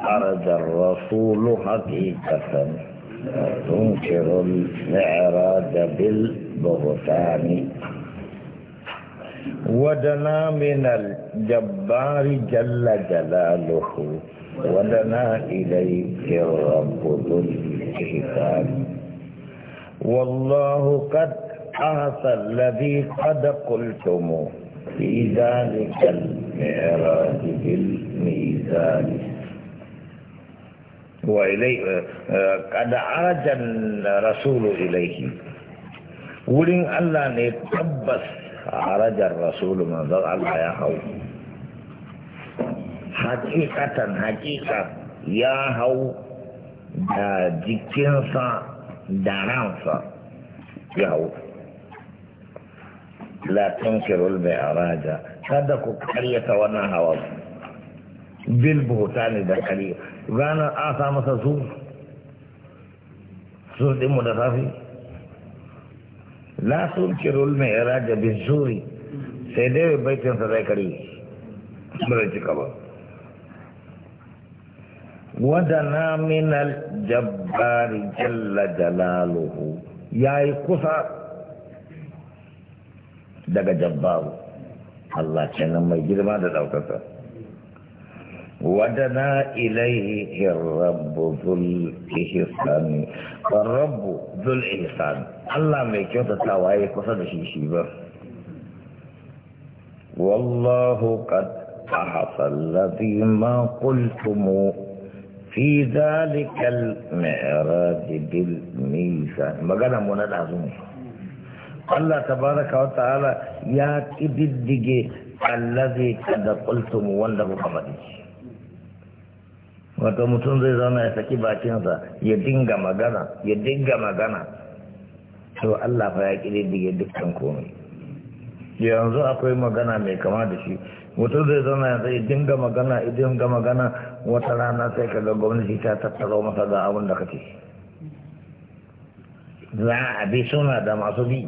أرد الرسول حقيقة تنكر الإعراض بالبهتان ودنا من الجبار جل جلاله ودنا إليك الرب ذو الإحسان والله قد أعطى الذي قد قلتم في ذلك المعراج بالميزان وإليه آه، قد عرج الرسول إليه ولين الله نتبس عرج الرسول من ذا الله يا هو حقيقة حقيقة يا هو دا جكينسا دارانسا يا هو لا تنكروا المعراج هذا كرية ونهوى بالبهتان ده كريم ranar a sa masa su su mu da safi la sun kirul mai yara da suri sai dai baitinsa zai kare bai cika ba wadana minal jabbari jalla jalaluhu ya yi kusa daga jabbaru Allah kenan mai girma da ɗaukarsa ودنا إليه الرب ذو الإحسان الرب ذو الإحسان الله ما يكون تتاوائي قصد شيشيبا والله قد أحصى الذي ما قلتم في ذلك المعراج بالميزان ما قال أمونا لازم الله تبارك وتعالى يا كددجي الذي قد قلتم وانه محمد wato mutum zai zauna ya saki bakinsa ya dinga magana ya dinga magana to Allah fa ya kididdige dukkan komai yanzu akwai magana mai kama da shi mutum zai zauna ya ya dinga magana idan ga magana wata rana sai ka ga gwamnati ta tattaro masa ga abin da kake za a bi suna da masu bi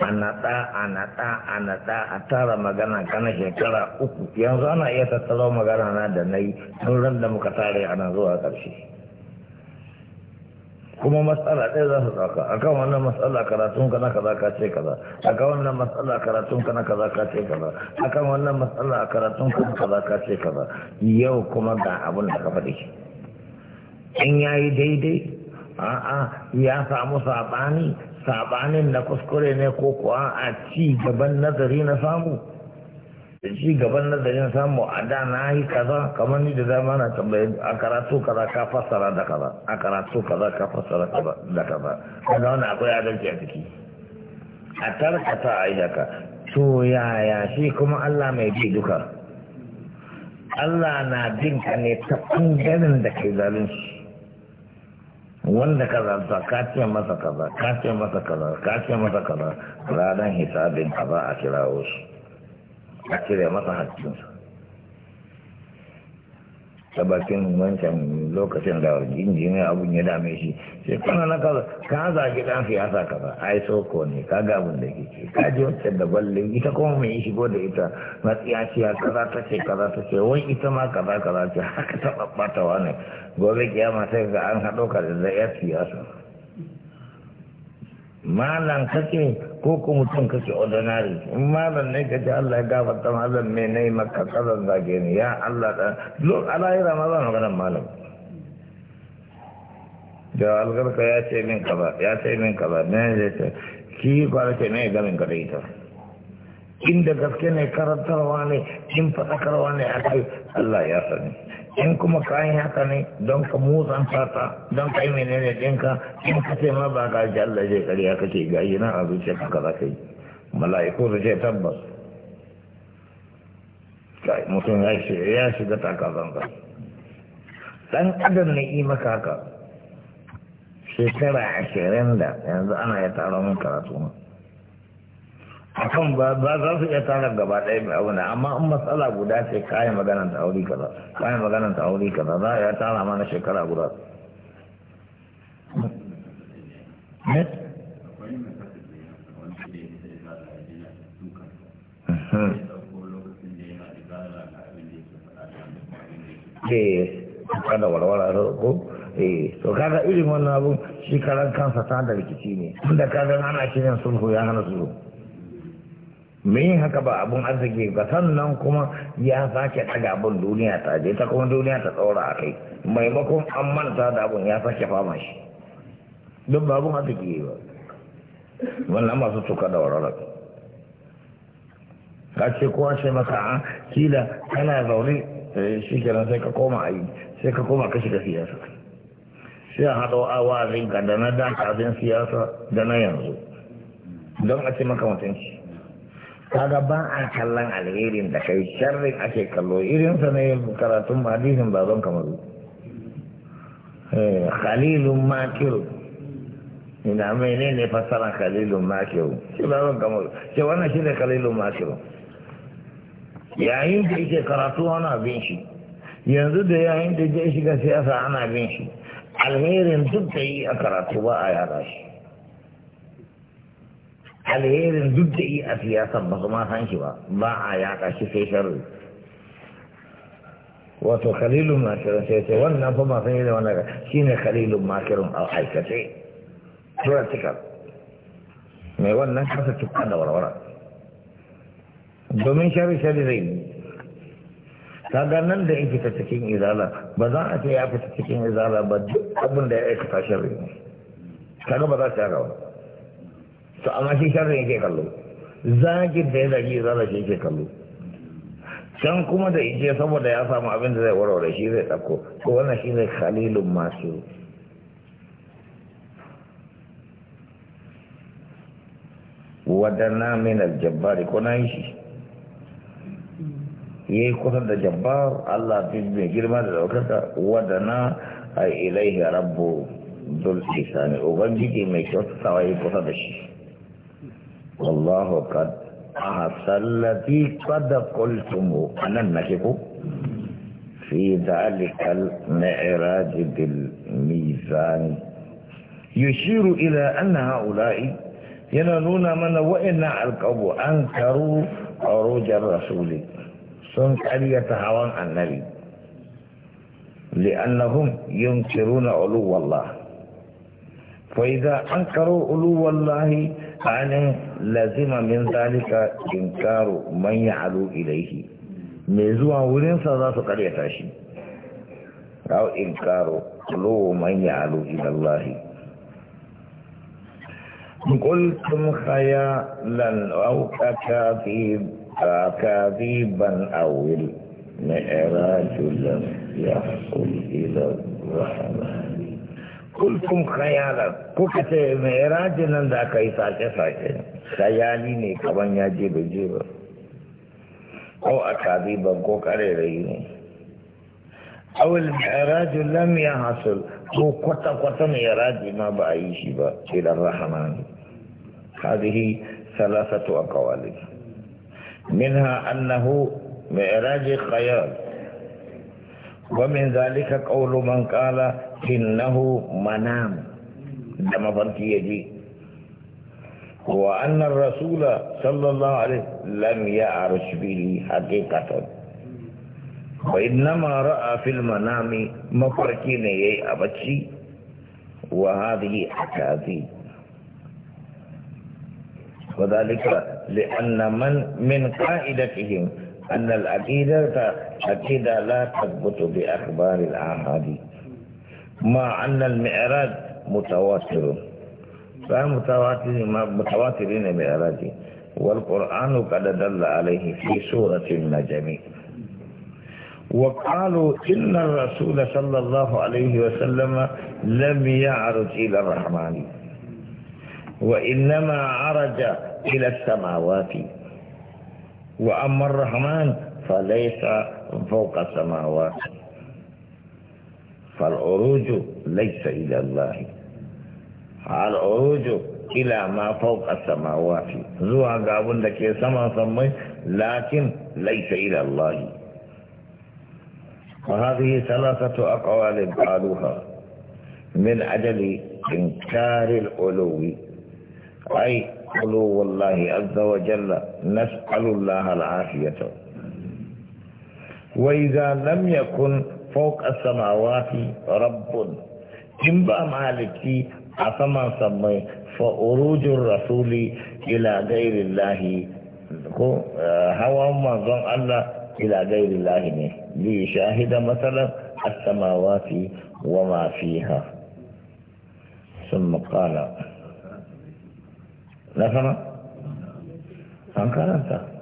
anata anata anata a tara magana kana shekara uku yanzu ana iya tattalo magana na da na yi tun da muka tare ana zuwa ƙarshe kuma matsala ɗaya za su tsaka a kan wannan matsala karatun ka na kaza ka ce kaza a kan wannan matsala karatun ka na kaza ka ce kaza a kan wannan matsala karatun ka na kaza ka ce kaza yau kuma ga abin da ka faɗi in ya yi daidai a'a ya samu saɓani sabanin na kuskure ne ko kuwa a ci gaban nazari na samu da ci gaban nazarin samu a da na yi kaza kamar ni da zama na tambayi a karatu kaza ka fassara da kaza a karatu kaza ka fassara da kaza kaga wani akwai adalci a ciki a tarkata a yi haka to yaya shi kuma Allah mai bi duka Allah na jinka ne ta ɓangaren da kai zalunci wanda ka zanta ka ce masa kaza ka ce masa kaza ka ce masa kaza ranar hisabin ka a kira wasu a cire masa hakkinsa ta bakin wancan lokacin da injiniya abun ya dame shi sai kuma na kaza ka zagi dan siyasa kaza ai soko ne ka ga abun da kike ka ji wancan da balle ita kuma mai shigo da ita matsiyaciya kaza ta ce kaza ta ce wai ita ma kaza kaza ce haka ta babbata wani gobe kiyama sai ga an haɗo ka da yar siyasa malam kake ko ko mutum kake ordinary in malam ne kace Allah ya gafarta malam me nayi maka kazan zage ni ya Allah da lo alayra ma zan magana malam da algarka ya ce min kaza ya ce min kaza ne ya ce ki ba ce ne ga min kada ita inda gaske ne karantarwa ne in karwa ne akai Allah ya sani in kuma kayan haka ne don ka motsan fata don ka yi menene ɗinka in ka ce ma ba ka ji Allah zai kariya ce ga yi nan a zuciya ka kaza ka yi mala'iku su ce tabbas mutum ya shiga takazan ba dan adam ne yi maka haka shekara ashirin da yanzu ana ya taro min karatu akan ba za su iya tara gaba ɗaya mai abu amma in matsala guda ce kayan maganan ta aure kaza kayan maganan ta aure kaza za a iya tara mana shekara guda Eh, kada warwara ko? eh to kaga irin wannan abu shi karan kansa ta da rikici ne tunda kaga ana kiran sulhu ya hana sulhu me haka ba abun arziki ba sannan kuma ya sake daga abun duniya ta je ta kuma duniya ta tsora a kai maimakon an manta da abun ya sake fama shi duk ba abun arziki ba wannan masu tuka da warware ka ce kowa ce maka a ah, kila kana zaune eh, shi kenan sai ka koma a yi sai ka koma kashi shiga siyasa sai a haɗo a wa'azinka da na dan kafin siyasa da na yanzu don a ce maka mutunci kaga ba a kallon alherin da kai sharrin ake kallo irin sa ne karatun hadisin kamar kamaru eh, khalilun makiru ina mai ne fassara khalilun makiru shi baban kamar shi wannan shi ne khalilun makiru yayin da yake karatu ana bin shi yanzu da yayin da ya shiga siyasa ana bin shi alherin duk da yi a karatu ba a yara shi alherin duk da yi a siyasar ba su ma san shi ba ba a yaƙa shi sai sharri wato kalilun makirin sai sai wannan fa ba san yi da wannan shi ne kalilun makirin a aikace practical mai wannan kasa tukka da warwara domin sharri sharri zai yi ta nan da in fita cikin izala ba za a ce ya fita cikin izala ba duk abin da ya aikata sharri ne kaga ba za su yaga ba to amma shi sharri yake kallo zagin da ya zagi shi yake kallo can kuma da ije saboda ya samu abin da zai warware shi zai ɗauko to wannan shi zai khalilun masu wadana min Jabbar ko na yi shi ya yi kusan da jabbar Allah fi mai girma da daukaka wadana a ilaihi rabbu dul isani ubangiji mai kyautatawa ya kusa da shi والله قد أعطى الذي قد قلتم أنا النكب في ذلك المعراج بالميزان يشير إلى أن هؤلاء ينالون من وإن القوم أنكروا عروج الرسول كالية هوان النبي لأنهم ينكرون علو الله فإذا أنكروا علو الله tsakanin lazima min zalika inkaru man ya alu ilaihi mai zuwa wurinsa za su tashi shi rau inkaru lowo man ya alu ilallahi kultum haya lan auka kadiban awil na'ira julam ya kul ila rahmat كلكم کم خیال کوکتے میرا جنن دا کئی ساچے ساچے خیالی نے کبنیا جی بجی او اکادی بکو کرے رہی نے اول معراج لم يحصل حاصل کو کتا کتا میرا جنن با آئیشی الرحمن هذه ثلاثة أقوال منها أنه معراج خيال ومن ذلك قول من قال إنه منام لما فرقي يجي وأن الرسول صلى الله عليه وسلم لم يعرش به حقيقة وإنما رأى في المنام مفركين يي أبتشي وهذه أكاذيب وذلك لأن من من قائدتهم أن العقيدة عقيدة لا تثبت بأخبار الآحاديث مع أن المعراج متواتر فمتواتر متواترين المعراج والقرآن قد دل عليه في سورة النجم وقالوا إن الرسول صلى الله عليه وسلم لم يعرج إلى الرحمن وإنما عرج إلى السماوات وأما الرحمن فليس فوق السماوات فالعروج ليس إلى الله العروج إلى ما فوق السماوات زوها قابل لك سما سمي لكن ليس إلى الله وهذه ثلاثة أقوال قالوها من أجل إنكار العلو أي علو الله عز وجل نسأل الله العافية وإذا لم يكن فوق السماوات رب إن با مالكي أسمان سمي فأروج الرسول إلى غير الله هو منظم الله إلى غير الله ليشاهد مثلا السماوات وما فيها ثم قال نفهم أنكرت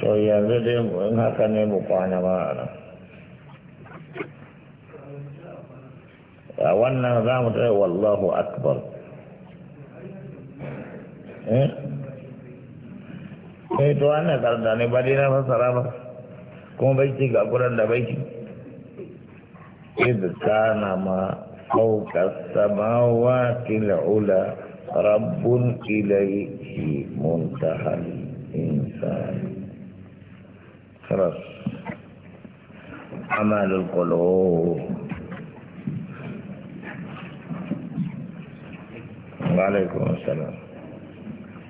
to yanzu dai mu in haka ne mu kwana ma a nan wannan za mu tsaye wallahu akbar eh eh to wannan karda ne ba na fassara ba kuma baiti ga guran da baiti idh kana ma fawqa as-samawati ula rabbun ilayhi muntahal insan خلاص أعمال القلوب وعليكم السلام